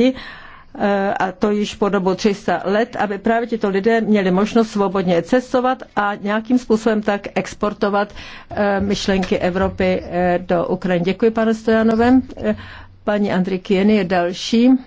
E, a to již po dobu 300 let, aby právě tito lidé měli možnost svobodně cestovat a nějakým způsobem tak exportovat e, myšlenky Evropy e, do Ukrajiny. Děkuji, pane Stojanovem. Paní Andrikieny je další.